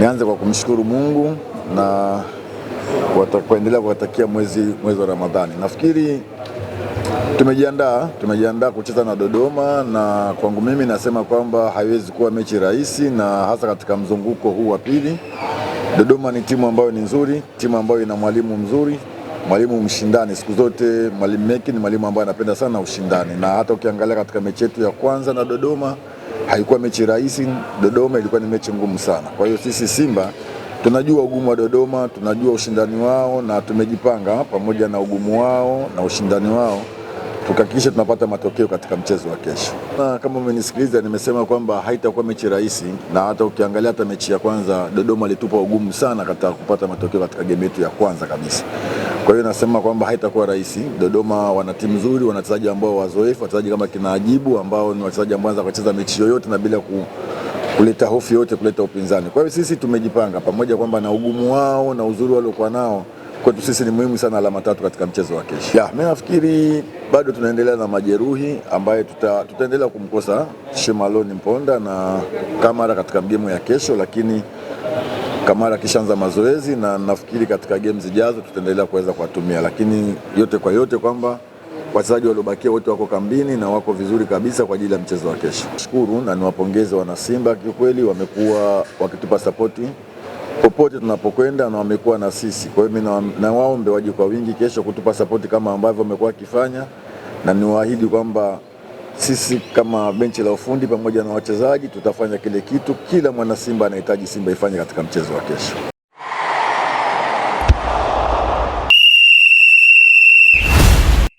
Nianze kwa kumshukuru Mungu na kuendelea kuwatakia mwezi, mwezi wa Ramadhani. Nafikiri tumejiandaa tumejiandaa kucheza na Dodoma, na kwangu mimi nasema kwamba haiwezi kuwa mechi rahisi, na hasa katika mzunguko huu wa pili. Dodoma ni timu ambayo ni nzuri, timu ambayo ina mwalimu mzuri, mwalimu mshindani siku zote. Mwalimu Meki ni mwalimu ambaye anapenda sana ushindani, na hata ukiangalia katika mechi yetu ya kwanza na Dodoma haikuwa mechi rahisi. Dodoma ilikuwa ni mechi ngumu sana. Kwa hiyo sisi Simba tunajua ugumu wa Dodoma, tunajua ushindani wao na tumejipanga pamoja na ugumu wao na ushindani wao tukahakikisha tunapata matokeo katika mchezo wa kesho. Na kama umenisikiliza, nimesema kwamba haitakuwa mechi rahisi, na hata ukiangalia hata mechi ya kwanza Dodoma alitupa ugumu sana katika kupata matokeo katika game yetu ya kwanza kabisa. Kwa hiyo nasema kwamba haitakuwa rahisi. Dodoma wana timu nzuri, wana wachezaji ambao wazoefu, wachezaji kama kina Ajibu ambao ni wachezaji ambao wanaweza kucheza mechi yoyote na bila ku kuleta hofu yote, kuleta upinzani. Kwa hiyo sisi tumejipanga pamoja kwamba na ugumu wao na uzuri waliokuwa nao kwetu sisi ni muhimu sana alama tatu katika mchezo wa kesho. Ya, mimi nafikiri bado tunaendelea na majeruhi ambaye tuta, tutaendelea kumkosa shimaloni Mponda na Kamara katika gemu ya kesho, lakini Kamara kishaanza mazoezi na nafikiri katika game zijazo tutaendelea kuweza kuwatumia, lakini yote kwa yote kwamba wachezaji waliobakia wote wako kambini na wako vizuri kabisa kwa ajili ya mchezo wa kesho. Shukuru na niwapongeze wana Simba, kiukweli wamekuwa wakitupa sapoti popote tunapokwenda, na wamekuwa na sisi. Kwa hiyo mimi nawaombe waje kwa wingi kesho kutupa sapoti kama ambavyo wamekuwa wakifanya, na niwaahidi kwamba sisi kama benchi la ufundi pamoja na wachezaji tutafanya kile kitu kila mwana Simba anahitaji Simba ifanye katika mchezo wa kesho.